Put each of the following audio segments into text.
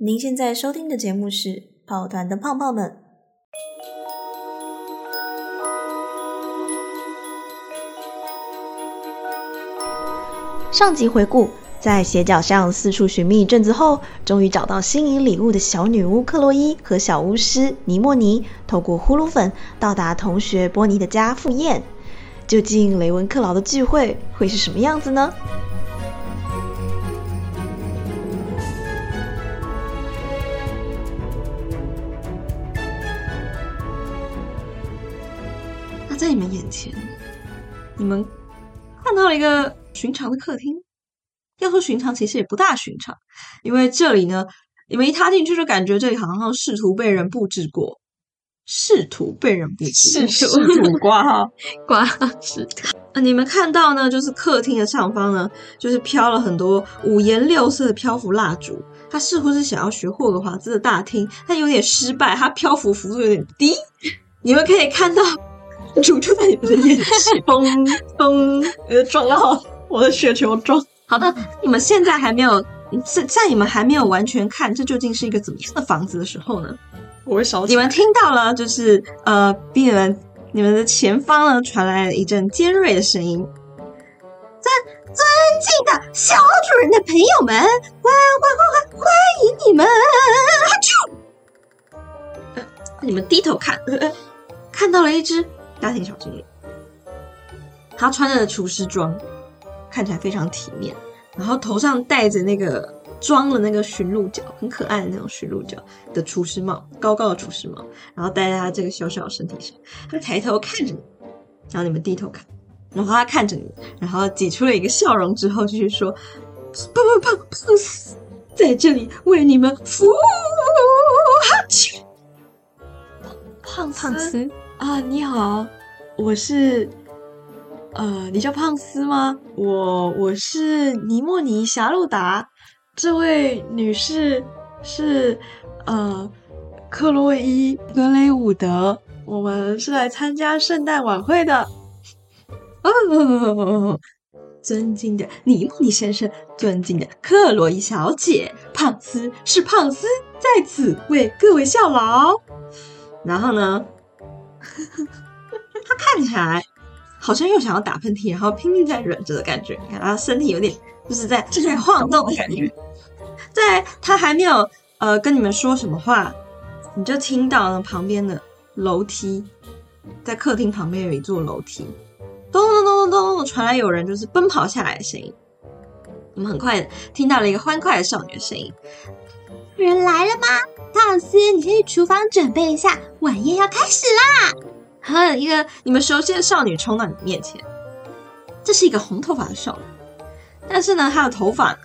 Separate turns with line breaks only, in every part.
您現在收聽的節目是《跑團的胖胖們》。上集回顧，在斜角巷四處尋覓一陣子後，終於找到心儀禮物的小女巫克洛伊和小巫師尼莫尼，透過呼嚕粉到達同學波妮的家赴宴。究竟雷文克勞的聚會會是什麼樣子呢？前，你們看到了一個尋常的客廳。要說尋常，其實也不大尋常，因為這裡呢，你們一踏進去就感覺這裡好像試圖被人布置過，試圖被人布置過，試圖 刮哈刮哈是、呃。你們看到呢，就是客廳的上方呢，就是飄了很多五顏六色的漂浮蠟燭，他似乎是想要學霍格華茲的大廳，他有點失敗，他漂浮幅度有點低。你們可以看到。住就在你們的眼前，嘣嘣，呃，撞到我的雪球撞。好的， 你們現在還沒有，在在你們還沒有完全看這究竟是一個怎麼樣的房子的時候呢，我是小，你們聽到了，就是呃，你們你們的前方呢傳來了一陣尖銳的聲音，尊尊敬的小主人的朋友們，歡歡歡歡歡，歡，歡，歡迎你們，啾、呃，你們低頭看， 看到了一隻。家庭小精靈，他穿着廚師裝，看起來非常體面，然後頭上戴着那個裝了那個馴鹿角，很可愛的那種馴鹿角的廚師帽，高高的廚師帽，然後戴在他這個小小的身體上。他抬頭看着你，然後你們低頭看，然後他看着你，然後擠出了一個笑容之後，繼續說：“胖胖胖胖斯，在這裡為你們服務。胖”哈胖胖斯啊，你好，我是，呃，你叫胖斯嗎？我我是尼莫尼·霞路達，這位女士是呃克洛伊·格雷伍德，我們是來參加聖誕晚會的。哦，尊敬的尼莫尼先生，尊敬的克洛伊小姐，胖斯是胖斯，在此為各位效勞。然後呢？ 他看起來好像又想要打噴嚏，然後拼命在忍着的感覺。你看，他身體有點就是在在晃動的感覺。在他還沒有呃跟你們說什麼話，你就聽到了旁邊的樓梯，在客廳旁邊有一座樓梯，咚咚咚咚咚咚傳來有人就是奔跑下來的聲音。我們很快聽到了一個歡快的少女的聲音：“人來了嗎？”大老師，你先去廚房準備一下，晚宴要開始啦！哼，一個你們熟悉的少女衝到你面前，這是一個紅頭髮的少女，但是呢，她的頭髮呢，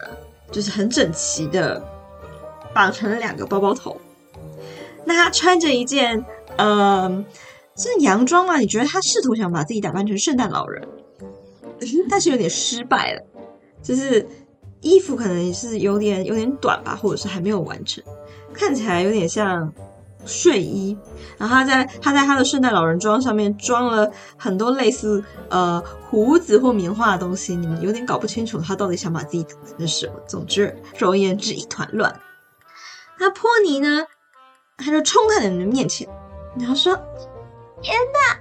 就是很整齊的綁成了兩個包包頭。那她穿着一件，嗯、呃，是洋裝啊，你覺得她試圖想把自己打扮成聖誕老人，但是有點失敗了，就是衣服可能也是有點有點短吧，或者是還沒有完成。看起來有點像睡衣，然後他在他在他的聖誕老人裝上面裝了很多類似呃鬍子或棉花的東西，你們有點搞不清楚他到底想把自己打扮成什麼。總之，總而言之，一團亂。那波妮呢？他就衝你們的面前，然後說：“天哪，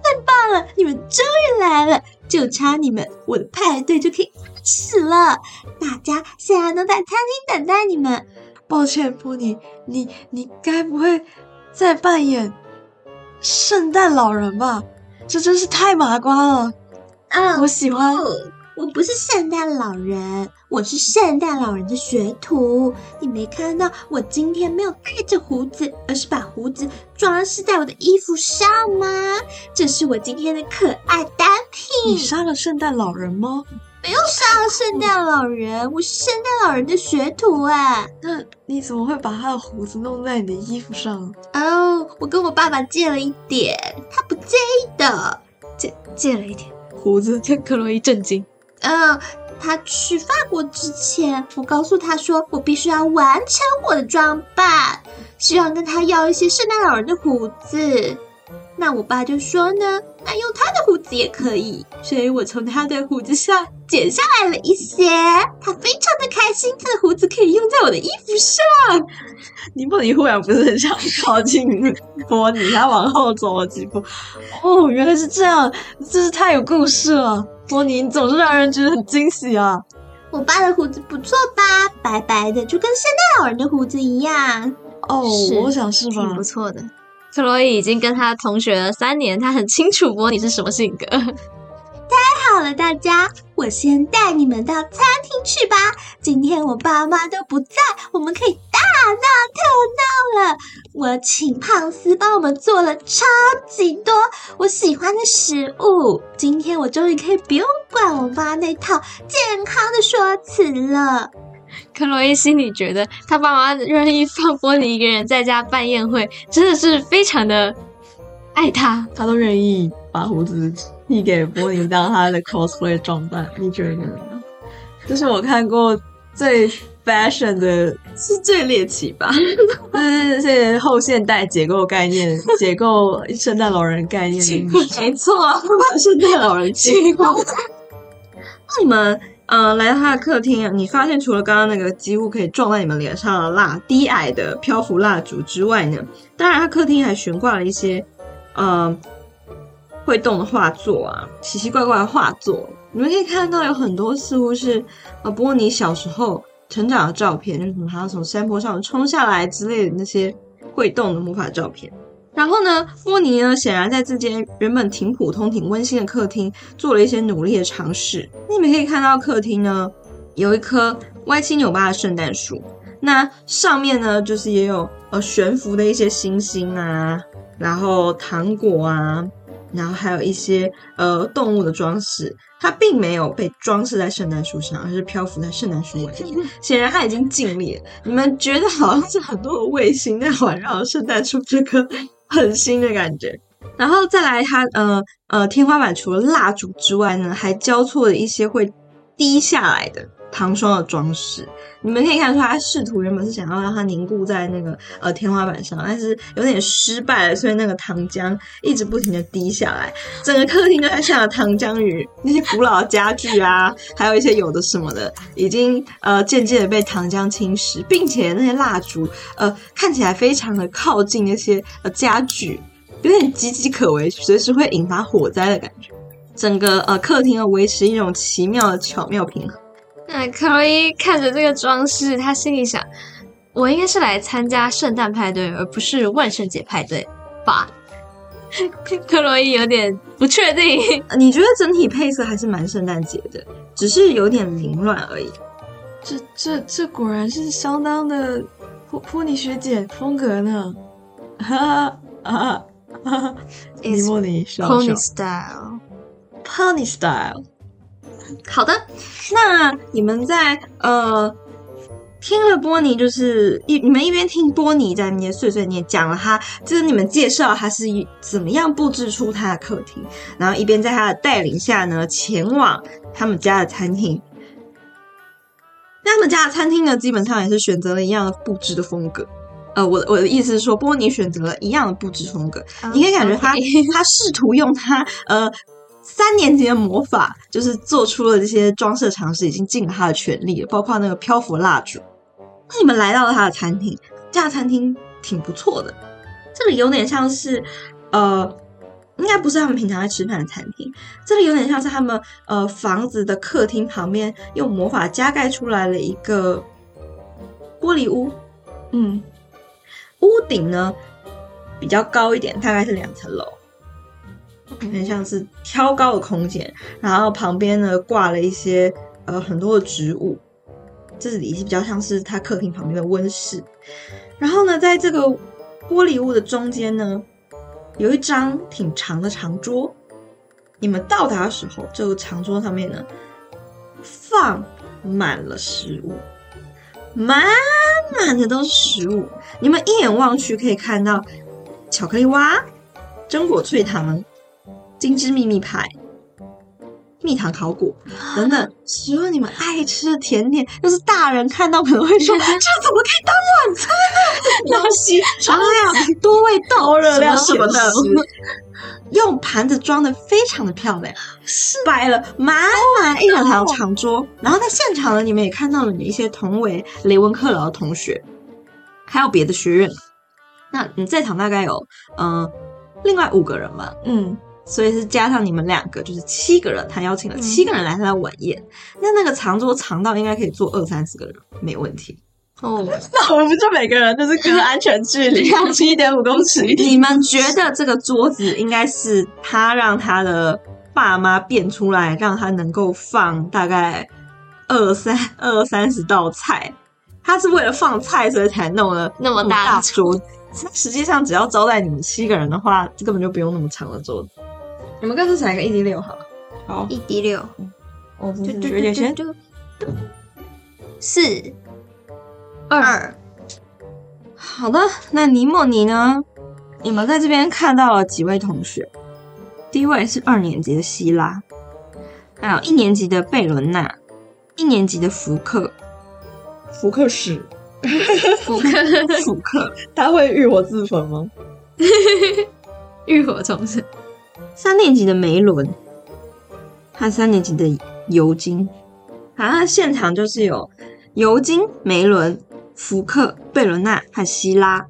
太棒了！你們終於來了，就差你們，我的派對就可以開始了。大家現在都在餐廳等待你們。”抱歉，波妮，你你該不會在扮演聖誕老人吧？這真是太麻瓜了。啊，我喜歡。我不是聖誕老人，我是聖誕老人的學徒。你沒看到我今天沒有戴着鬍子，而是把鬍子裝飾在我的衣服上嗎？這是我今天的可愛單品。你殺了聖誕老人嗎？沒有殺了聖誕老人。嗯，我是聖誕老人的學徒哎、啊。那你怎麼會把他的鬍子弄在你的衣服上？哦，我跟我爸爸借了一點，他不介意的，借借了一點鬍子。讓克洛伊震驚。嗯，他去法國之前，我告訴他說我必須要完成我的裝扮，希望跟他要一些聖誕老人的鬍子。那我爸就說呢。那用他的鬍子也可以，所以我從他的鬍子上剪下來了一些。他非常的開心，他的鬍子可以用在我的衣服上。尼莫尼忽然不是很想靠近 波尼，他往後走了幾步。哦，原來是這樣，真是太有故事了。波尼總是讓人覺得很驚喜啊。我爸的鬍子不錯吧？白白的，就跟聖誕老人的鬍子一樣。哦，我想是吧？挺不錯的。克洛伊已經跟他同學了三年，他很清楚波妮是什麼性格。太好了，大家，我先帶你們到餐廳去吧。今天我爸媽都不在，我們可以大鬧特鬧了。我請胖斯幫我們做了超級多我喜歡的食物。今天我終於可以不用管我媽那套健康的說辭了。克洛伊心裡覺得，他爸媽願意放波妮一個人在家辦宴會，真的是非常的愛他。他都願意把鬍子剃給波妮當他的 cosplay 裝扮。 你覺得呢？這、就是我看過最 fashion 的，是最獵奇吧？這、就是這些後現代解構概念，解構聖誕老人概念的。 沒錯、啊，聖誕老人解構。 那你們？嗯、呃，來到他的客廳啊，你發現除了剛剛那個幾乎可以撞在你們臉上的蠟，低矮的漂浮蠟燭之外呢，當然他客廳還懸掛了一些呃會動的畫作啊，奇奇怪怪的畫作。你們可以看到有很多似乎是呃波妮小時候成長的照片，就是還要從山坡上衝下來之類的那些會動的魔法照片。然後呢，波妮呢顯然在這間原本挺普通、挺溫馨的客廳做了一些努力的嘗試。你們可以看到，客廳呢有一棵歪七扭八的聖誕樹，那上面呢就是也有呃懸浮的一些星星啊，然後糖果啊，然後還有一些呃動物的裝飾。它並沒有被裝飾在聖誕樹上，而是漂浮在聖誕樹外面。 顯然他已經盡力了。你們覺得好像是很多的衛星在環繞聖誕樹這棵。很新的感覺，然後再來他，呃呃，天花板除了蠟燭之外呢，還交錯了一些會滴下來的糖霜的裝飾，你們可以看出來，他試圖原本是想要讓它凝固在那個呃天花板上，但是有點失敗了，所以那個糖漿一直不停的滴下來，整個客廳都在下糖漿雨。那些古老的家具啊， 還有一些有的什麼的，已經呃漸漸的被糖漿侵蝕，並且那些蠟燭呃看起來非常的靠近那些呃家具，有點岌岌可危，隨時會引發火災的感覺。整個呃客廳要維持一種奇妙的巧妙平衡。那克洛伊看着這個裝飾，她心裡想：“我應該是來參加聖誕派對，而不是萬聖節派對吧？”克洛伊有點不確定。你覺得整體配色還是蠻聖誕節的，只是有點凌亂而已。這、這、這果然是相當的 pony 學姐風格呢！哈哈哈哈哈！尼莫尼，pony style，pony style。Style. 好的，那你們在呃聽了波妮，就是一你們一邊聽波妮在那碎碎念，講了他就是你們介紹他是怎麼樣佈置出他的客廳，然後一邊在他的帶領下呢，前往他們家的餐廳。那他們家的餐廳呢，基本上也是選擇了一樣的佈置的風格。呃，我我的意思是說，波妮選擇了一樣的佈置風格，uh, okay. 你可以感覺他他試圖用他呃。三年級的魔法就是做出了這些裝飾嘗試，已經盡了他的全力了，包括那個漂浮蠟燭。那你們來到了他的餐廳，這家餐廳挺不錯的，這裡有點像是，呃，應該不是他們平常在吃飯的餐廳。這裡有點像是他們呃房子的客廳旁邊，用魔法加蓋出來了一個玻璃屋，嗯，屋頂呢比較高一點，大概是兩層樓。很像是挑高的空間，然後旁邊呢掛了一些呃很多的植物，這裡是比較像是他客廳旁邊的溫室。然後呢，在這個玻璃屋的中間呢，有一張挺長的長桌。你們到達的時候，這個長桌上面呢放滿了食物，滿滿的都是食物。你們一眼望去可以看到巧克力蛙、榛果脆糖。金之秘密牌、蜜糖烤果等等，許、啊、多你們愛吃甜點，要是大人看到可能會說：“ 這怎麼可以當晚餐的東西？”哎呀，多味道，高熱量，什麼的。用盤子裝的非常的漂亮，是擺了滿滿一整張長桌。Oh, no. 然後在現場呢，你們也看到了一些同為雷文克勞的同學，還有別的學院。那在這場大概有嗯、呃、另外五個人吧？嗯。所以是加上你們兩個，就是七個人，他邀請了七個人來他的晚宴。那、嗯、那個長桌長到應該可以坐二三十個人，沒問題。哦， 那我們就每個人就是隔安全距離，七點五公尺。你們覺得這個桌子應該是他讓他的爸媽變出來，讓他能夠放大概二三二三十道菜。他是為了放菜，所以才弄了那麼大，大桌子。實際上，只要招待你們七個人的話，根本就不用那麼長的桌子。你們各自選一個 1D6 好了。好 1D6，我、哦、不備準備先，四二，好的，那尼莫尼呢？你們在這邊看到了幾位同學？第一位是二年級的希拉，還有一年級的貝倫娜，一年級的福克，福克史，福 克 福克，他會浴火自焚嗎？ 浴火重生。三年級的梅倫，和三年級的尤金，像、啊、現場就是有尤金、梅倫、福克、貝倫娜和希拉。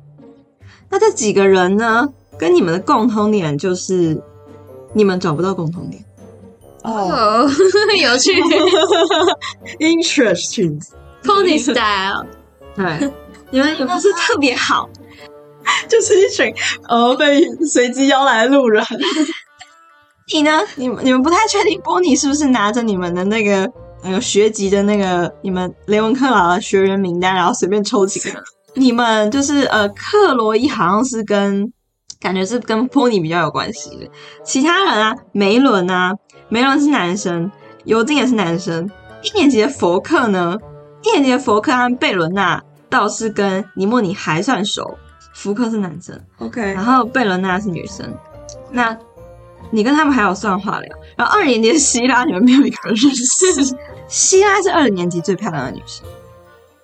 那這幾個人呢，跟你們的共同點就是，你們找不到共同點。哦、oh, oh， 有趣、oh, interesting，interesting pony style。對，你們也不是特別好， 就是一群呃、oh, 被隨機邀來的路人。 你呢？你們你們不太確定，波尼是不是拿着你們的那個那個、嗯、學籍的那個你們雷文克勞的學員名單，然後隨便抽幾個？ 你們就是呃，克羅伊好像是跟感覺是跟波尼比較有關係的。其他人啊，梅倫啊，梅倫是男生，尤金也是男生。一年級的佛克呢？一年級的佛克和貝倫娜倒是跟尼莫尼還算熟。福克是男生，OK，然後貝倫娜是女生。那。你跟他們還有算話聊，然後二年級的希拉你們沒有一個人認識，是是 希拉是二年級最漂亮的女生。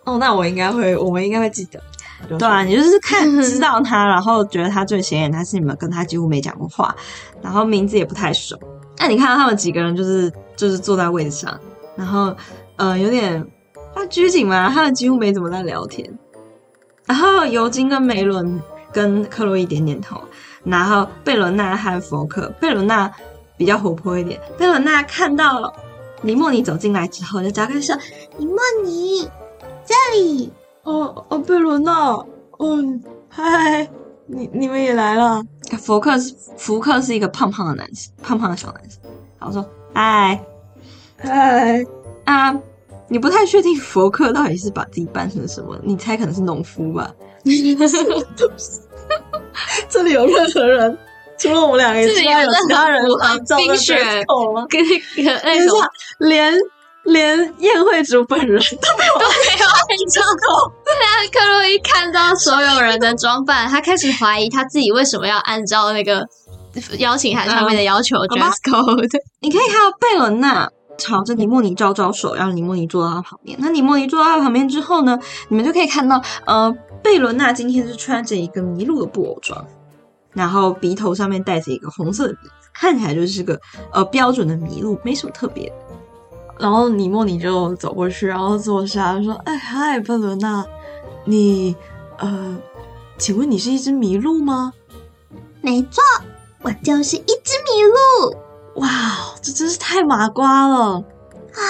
哦，那我應該會，我們應該會記得。就是、對啊，你就是看 知道她，然後覺得她最顯眼，但是你們跟她幾乎沒講過話，然後名字也不太熟。那你看到他們幾個人就是就是坐在位置上，然後嗯、呃、有點他拘謹嘛，他們幾乎沒怎麼在聊天。然後尤金跟梅倫跟克洛伊點點頭。然後貝倫娜和佛克，貝倫娜比較活潑一點。貝倫娜看到了尼莫尼走進來之後，就大概說：“尼莫尼，這裡。哦”哦哦，貝倫娜，嗯、哦，嗨，你你們也來了。佛克是福克是一個胖胖的男生，胖胖的小男生。然後說：“嗨嗨啊，你不太確定佛克到底是把自己扮成什麼？你猜可能是農夫吧？” 這裡有任何人，除了我們兩個人之外，是還有其他人按照冰照着 dress code 嗎？連連宴會主本人都沒有按照。對啊，克洛伊看到所有人的裝扮， 他開始懷疑他自己為什麼要按照那個邀請函上面的要求、嗯、dress code。你可以看到貝倫娜朝着尼莫尼招招手，讓尼莫尼坐到他旁邊。那尼莫尼坐到他旁邊之後呢，你們就可以看到，呃。貝倫娜今天是穿着一個麋鹿的布偶裝，然後鼻頭上面帶着一個紅色的鼻子，看起來就是個呃標準的麋鹿，沒什麼特別的。然後尼莫尼就走過去，然後坐下說：“哎，嗨，貝倫娜，你呃，請問你是一只麋鹿嗎？”“沒錯，我就是一只麋鹿。”“哇，這真是太麻瓜了。”“啊，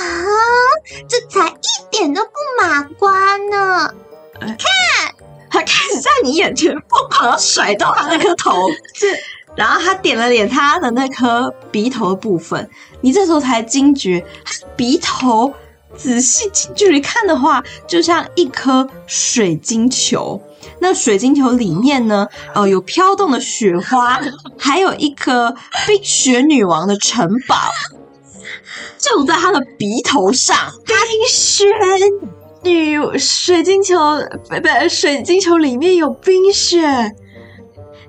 這才一點都不麻瓜呢。哎”看。他開始在你眼前瘋狂甩到他那顆頭， 是，然後他點了點他的那顆鼻頭的部分，你這時候才驚覺，他鼻頭仔細近距離看的話，就像一顆水晶球，那水晶球裡面呢，呃，有飄動的雪花，還有一顆冰雪女王的城堡，就在他的鼻頭上，冰雪。女水晶球，不，水晶球裡面有冰雪。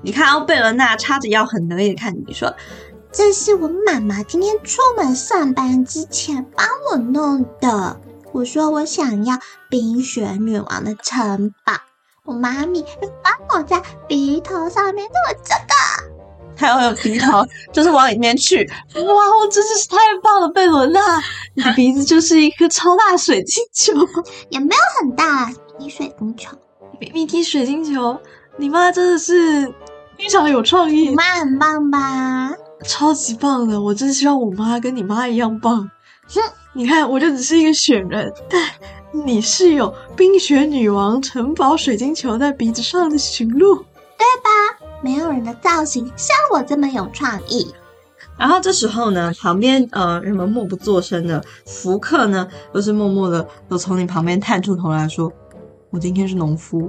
你看，貝倫娜插着腰，很得意的看你，說：“這是我媽媽今天出門上班之前幫我弄的。我說我想要冰雪女王的城堡，我媽咪就幫我，在鼻頭上面弄這個。”還要有鼻頭，就是往裡面去，哇！哦，真的是太棒了，貝倫娜，你的鼻子就是一個超大水晶球， 也沒有很大，滴水晶球，b 蜜滴水晶球，你媽真的是非常有創意，你媽很棒吧？超級棒的，我真希望我媽跟你媽一樣棒。哼。你看，我就只是一個雪人，但你是有冰雪女王城堡水晶球在鼻子上的馴鹿，對吧？沒有人的造型像我這麼有創意。然後這時候呢，旁邊呃，人們默不作聲的，福克呢都是默默的，都從你旁邊探出頭來說：“我今天是農夫。”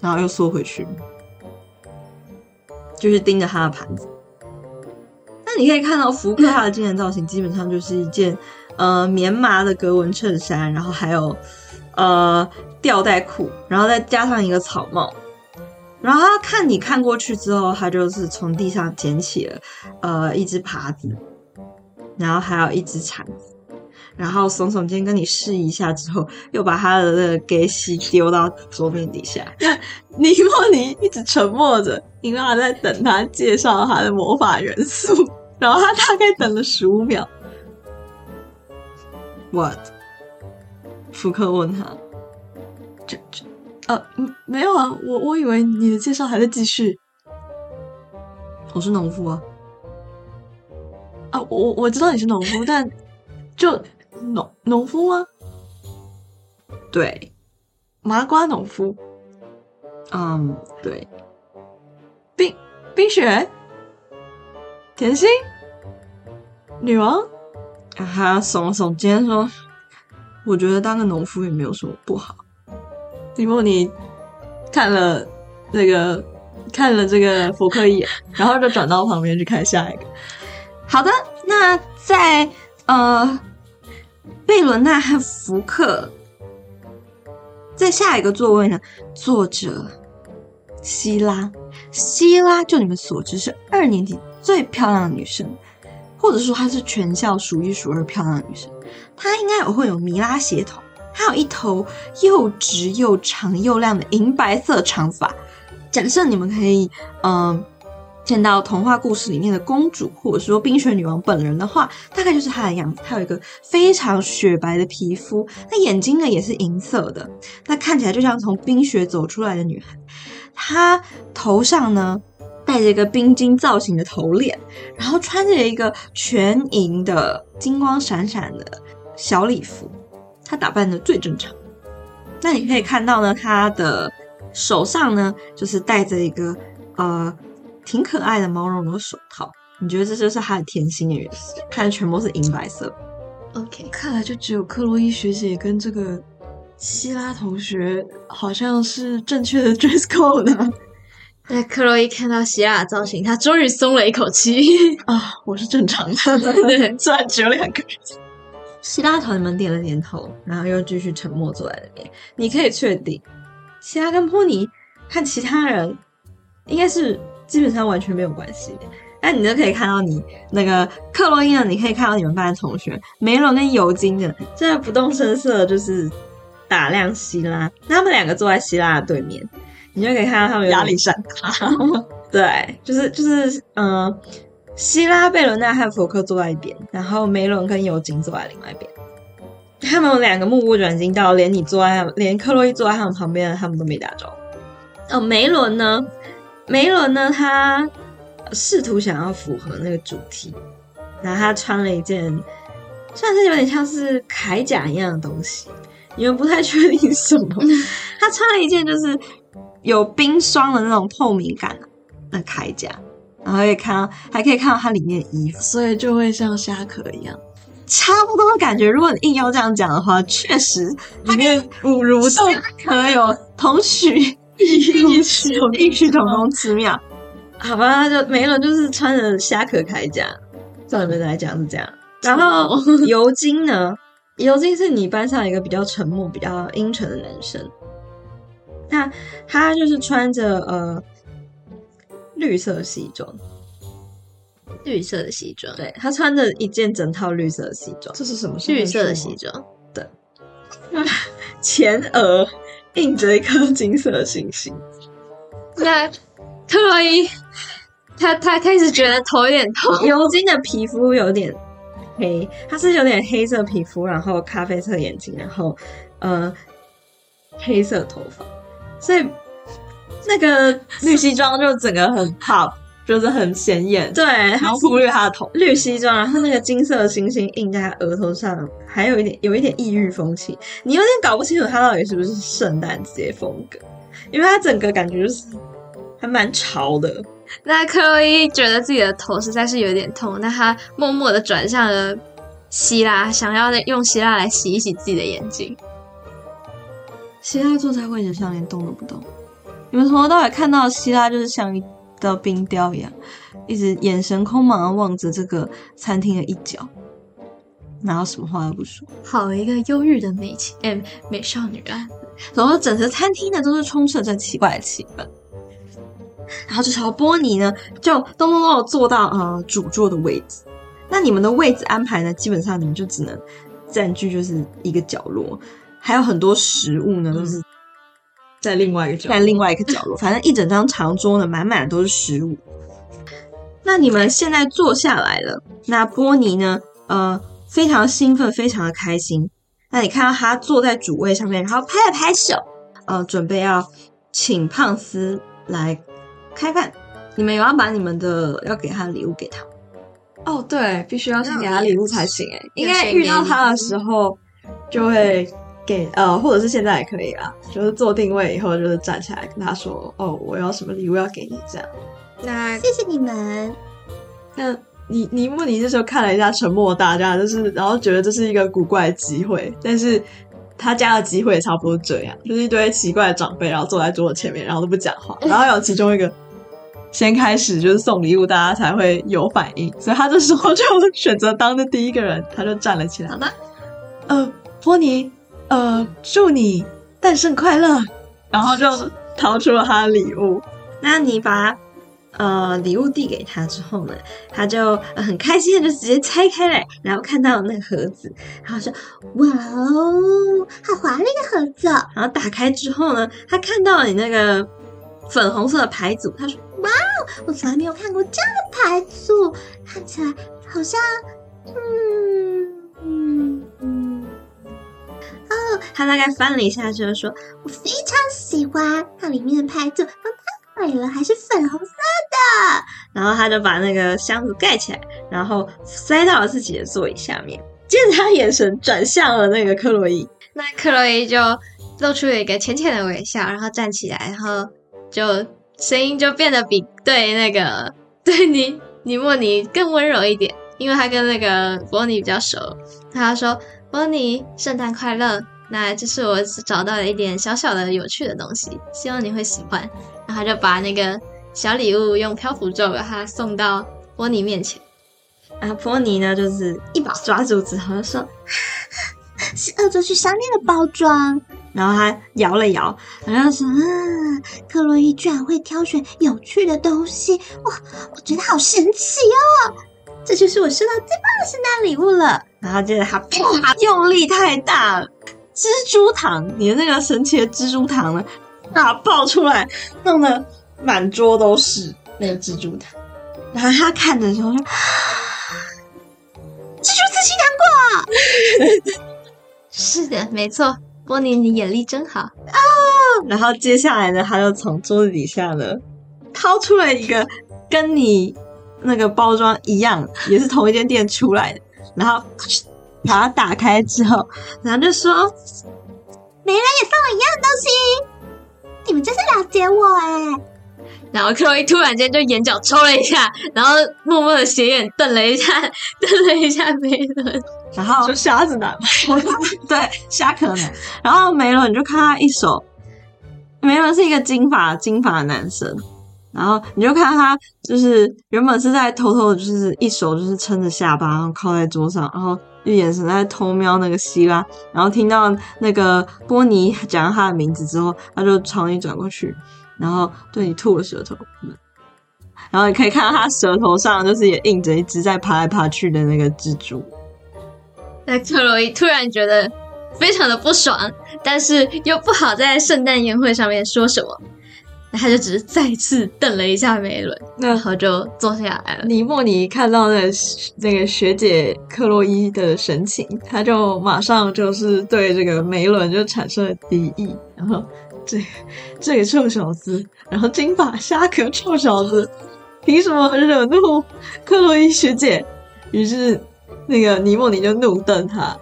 然後又縮回去，就是盯着他的盤子。那你可以看到，福克他的今天的造型基本上就是一件、嗯、呃棉麻的格紋襯衫，然後還有呃吊帶褲，然後再加上一個草帽。然後他看你看過去之後，他就是從地上撿起了，呃，一隻耙子，然後還有一隻鏟子，然後聳聳肩跟你示意一下之後，又把他的那個器械丟到桌面底下。你 尼莫尼一直沉默着，因為他在等他介紹他的魔法元素。然後他大概等了十五秒。What？福克問他。這這。呃、啊，沒有啊，我我以為你的介紹還在繼續。我是農夫啊，啊，我我知道你是農夫， 但就農農夫嗎？對，麻瓜農夫，嗯、um,，對，冰冰雪，甜心，女王，啊、哈，聳了聳肩說：“我覺得當個農夫也沒有什麼不好。”尼莫尼，你看了這個，看了這個福克一眼，然後就轉到旁邊去看下一個。 好的，那在呃，貝倫娜和福克在下一個座位呢？坐著希拉，希拉就你們所知是二年級最漂亮的女生，或者說她是全校數一數二漂亮的女生，她應該也會有彌拉鞋套。她有一頭又直又長又亮的銀白色長髮。假設你們可以嗯、呃、見到童話故事裡面的公主，或者說冰雪女王本人的話，大概就是她的樣子。她有一個非常雪白的皮膚，那眼睛呢也是銀色的，那看起來就像從冰雪走出來的女孩。她頭上呢戴着一個冰晶造型的頭鏈，然後穿着一個全銀的、金光閃閃的小禮服。他打扮的最正常，那你可以看到呢，他的手上呢，就是戴着一個呃挺可愛的毛茸茸手套，你覺得這就是他的甜心的顏色？看全部是銀白色。OK，看來就只有克洛伊學姐跟這個希拉同學，好像是正確的 dress code 呢、okay.。那、啊、克洛伊看到希拉的造型，她終於鬆了一口氣 啊，我是正常的。雖然只有兩個人。希拉同你們點了點頭，然後又繼續沉默坐在那邊。你可以確定，希拉跟波尼，和其他人，應該是基本上完全沒有關係的。但你就可以看到你那個克洛伊呢，你可以看到你們班的同學梅隆跟尤金的，正在不動聲色就是打量希拉。那他們兩個坐在希拉的對面，你就可以看到他們壓力山大嗎？ 對，就是就是嗯。呃希拉、貝倫娜和佛克坐在一邊，然後梅倫跟尤金坐在另外一邊。他們兩個目不轉睛，到連你坐在連克洛伊坐在他們旁邊，他們都沒打着。呃、哦，梅倫呢？梅倫呢？他試圖想要符合那個主題，然後他穿了一件，算是有點像是鎧甲一樣的東西。你們不太確定什麼？ 他穿了一件就是有冰霜的那種透明感的鎧甲。然後可以看到，還可以看到它裡面的衣服，所以就會像蝦殼一樣，差不多的感覺。如果你硬要這樣講的話，確實裡面五如動，可有同曲異曲，有 曲同工之妙。好吧，那就梅了，就是穿着蝦殼鎧甲，照你們來講是這樣。然後尤金 呢？尤金是你班上一個比較沉默、比較陰沉的男生，那他就是穿着呃。綠色的西裝，綠色的西裝，對，他穿着一件整套綠色的西裝，這是什麼？綠色的西裝，對， 前額印着一顆金色的星星。那 特洛伊，他他開始覺得頭有點痛。尤金的皮膚有點黑，他是有點黑色皮膚，然後咖啡色眼睛，然後呃黑色頭髮，所以。那個綠西裝就整個很 pop 就是很顯眼。對，然後忽略他的頭，綠西裝，然後那個金色的星星印在他額頭上，還有一點有一點異域風情。你有點搞不清楚他到底是不是聖誕節風格，因為他整個感覺就是還蠻潮的。那克洛伊覺得自己的頭實在是有點痛，那他默默的轉向了希拉，想要用希拉來洗一洗自己的眼睛。希拉坐在位置上，連動都不動。你們從頭到尾看到的希拉就是像一道冰雕一樣，一直眼神空茫的望着這個餐廳的一角，然後什麼話都不說。好一個憂鬱的美、欸、美少女啊！然後整個餐廳呢都是充斥着奇怪的氣氛。然後這時候波妮呢就咚咚咚坐到呃主座的位置。那你們的位置安排呢？基本上你們就只能佔據，就是一個角落，還有很多食物呢都、就是、嗯。在另外一個在另外一個角落，角落 反正一整張長桌呢，滿滿都是食物。那你們現在坐下來了。那波尼呢？呃，非常興奮，非常的開心。那你看到他坐在主位上面，然後拍了拍手，呃，準備要請胖斯來開飯。你們有要把你們的要給他的禮物給他？哦，對，必須要先給他禮物才行。哎，應該遇到他的時候就會。給呃，或者是現在也可以啊，就是做定位以後，就是站起來跟他說：“哦，我要什麼禮物要給你？”這樣。那謝謝你們。那尼尼莫尼這時候看了一下沉默的大家就是然後覺得這是一個古怪的機會，但是他家的機會也差不多這樣，就是一堆奇怪的長輩，然後坐在桌子前面，然後都不講話，然後有其中一個 先開始就是送禮物，大家才會有反應，所以他這時候就選擇當着第一個人，他就站了起來。好吧，呃，托尼。呃，祝你誕生快樂！然後就掏出了他的禮物。 那你把呃禮物遞給他之後呢，他就很開心的就直接拆開來，然後看到那個盒子，他說：“哇哦，好華麗的盒子哦！”然後打開之後呢，他看到你那個粉紅色的牌組，他說：“哇哦，我從來沒有看過這樣的牌組，看起來好像……嗯嗯。”他大概翻了一下，就說：“我非常喜歡它裡面的拍對，都打毀了，還是粉紅色的。”然後他就把那個箱子蓋起來，然後塞到了自己的座椅下面。接着他眼神轉向了那個克洛伊，那克洛伊就露出了一個淺淺的微笑，然後站起來，然後就聲音就變得比對那個對你尼莫尼更溫柔一點，因為他跟那個波妮比較熟。他說：“波妮，聖誕快樂。”那這是我找到了一點小小的有趣的東西，希望你會喜歡。然後他就把那個小禮物用漂浮咒把它送到波妮面前。然後波妮呢就是一把抓住之後說：“是惡作劇商店的包裝。”然後他搖了搖，然後說，啊、 嗯。克洛伊居然會挑選有趣的東西，哇，我覺得好神奇哦！這就是我收到最棒的聖誕禮物了。然後就是他啪，用力太大了。蜘蛛糖，你的那個神奇的蜘蛛糖呢？啊，爆出來，弄得滿桌都是那個蜘蛛糖。然後他看的時候說：“蜘蛛造型難過！” 是的，沒錯。波妮，你眼力真好啊！然後接下來呢，他就從桌子底下呢掏出了一個跟你那個包裝一樣，也是同一間店出來的，然後。 把它打開之後，然後就說：“沒了，也送我一樣東西，你們真是了解我哎。”然後克洛伊突然間就眼角抽了一下，然後默默的斜眼瞪了一下，瞪了一下沒了，然後就瞎子男嘛， 對，瞎可能。然後沒了，你就看他一手，沒了，是一個金髮金髮的男生，然後你就看他就是原本是在偷偷的，就是一手就是撐着下巴，然後靠在桌上，然後。就眼神在偷瞄那個希拉，然後聽到那個波尼講他的名字之後，他就朝你轉過去，然後對你吐了舌頭，然後你可以看到他舌頭上就是也印着一直在爬來爬去的那個蜘蛛。在克洛伊突然覺得非常的不爽，但是又不好在聖誕宴會上面說什麼。他就只是再次瞪了一下梅倫，那他就坐下來了。尼莫尼看到那那個學姐克洛伊的神情，他就馬上就是對這個梅倫就產生了敵意。然後這個、這個臭小子，然後金髮蝦殼臭小子，憑什麼惹怒克洛伊學姐？於是那個尼莫尼就怒瞪他，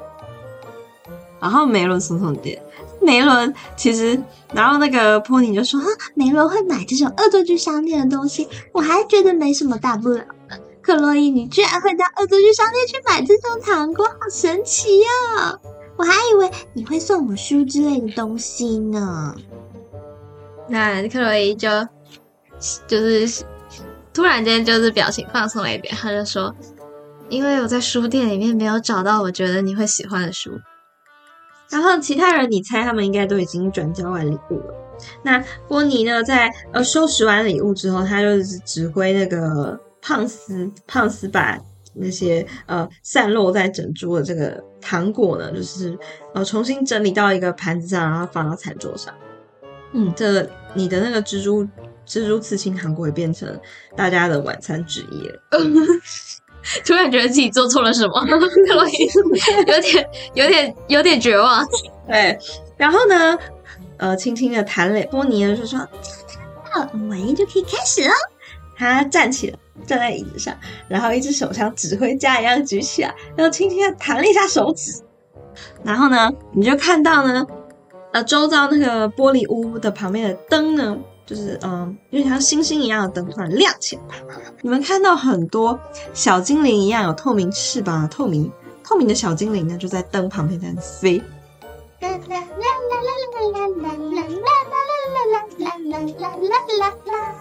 然後梅倫聳聳肩。梅倫其實，然後那個波妮就說：“啊，梅倫會買這種惡作劇商店的東西，我還覺得沒什麼大不了的。克洛伊，你居然會到惡作劇商店去買這種糖果，好神奇哦。我還以為你會送我書之類的東西呢。”那克洛伊就就是突然間就是表情放鬆了一點，他就說：“因為我在書店裡面沒有找到我覺得你會喜歡的書。”然後其他人，你猜他們應該都已經轉交完禮物了。那波尼呢，在呃收拾完禮物之後，他就是指揮那個胖斯，胖斯把那些呃散落在整桌的這個糖果呢，就是呃重新整理到一個盤子上，然後放到餐桌上。嗯，這你的那個蜘蛛蜘蛛刺青糖果也變成大家的晚餐之一了。嗯突然覺得自己做錯了什麼， 有點、有點、有點絕望。對，然後呢，呃，輕輕的彈了，波妮就說：“到晚宴就可以開始嘍、哦。”他站起來，站在椅子上，然後一隻手像指揮家一樣舉起來，然後輕輕的彈了一下手指。然後呢，你就看到呢，呃，周遭那個玻璃屋的旁邊的燈呢。就是嗯，就像星星一樣的燈突然亮起來，你們看到很多小精靈一樣有透明翅膀、透明透明的小精靈呢，就在燈旁邊這樣子飛。啦啦啦啦啦啦啦啦啦啦啦啦啦啦啦啦。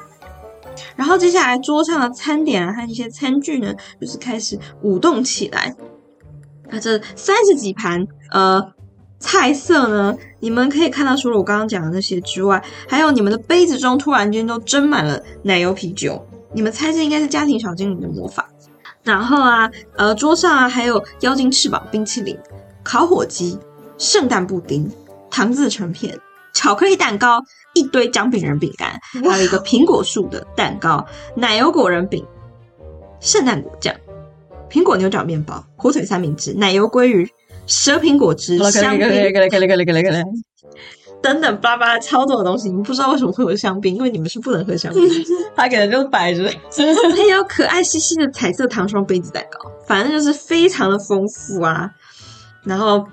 然後接下來桌上的餐點啊，還有一些餐具呢，就是開始舞動起來。那這三十幾盤，呃。菜色呢，你們可以看到，除了我剛剛講的那些之外，還有你們的杯子中突然間都斟滿了奶油啤酒。你們猜這應該是家庭小精靈的魔法。然後啊，呃，桌上啊還有妖精翅膀冰淇淋、烤火雞、聖誕布丁、糖漬橙片、巧克力蛋糕、一堆薑餅人餅乾，還有一個蘋果樹的蛋糕、奶油果仁餅、聖誕果醬、蘋果牛角麵包、火腿三明治、奶油鮭魚。蛇蘋果汁、香檳、香檳等等巴巴超多的東西，你們不知道為什麼會有香檳，因為你們是不能喝香檳。 他可能就是擺着，它 是有可愛兮兮的彩色糖霜杯子蛋糕，反正就是非常的豐富啊。然後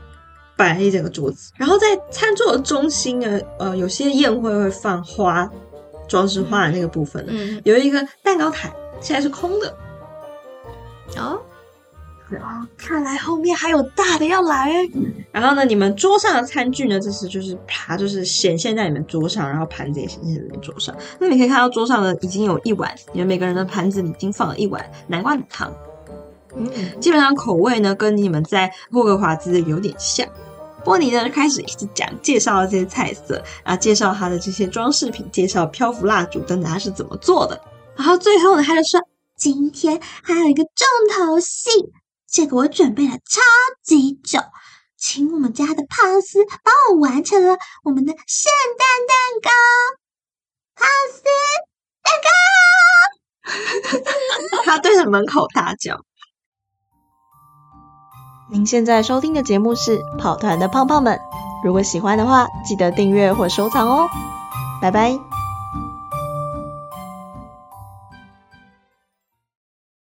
擺了一整個桌子，然後在餐桌的中心呢，呃，有些宴會會放花裝飾花的那個部分呢，嗯，有一個蛋糕台，現在是空的。哦。哦，看來後面還有大的要來。嗯。然後呢，你們桌上的餐具呢，這次就是啪，就是顯現在你們桌上，然後盤子也顯現在你們桌上。那你可以看到桌上呢已經有一碗，你們每個人的盤子裡已經放了一碗南瓜的湯。嗯。嗯，基本上口味呢跟你們在霍格華茲有點像。波尼呢開始一直講介紹了這些菜色，啊，介紹他的這些裝飾品，介紹漂浮蠟燭等等它是怎麼做的。然後最後呢，他就說今天還有一個重頭戲。這個我準備了超級久，請我們家的胖斯幫我完成了我們的聖誕蛋，蛋糕，胖斯蛋糕！ 他對着門口大叫：“您現在收聽的節目是跑團的胖胖們，如果喜歡的話，記得訂閱或收藏哦，拜拜。”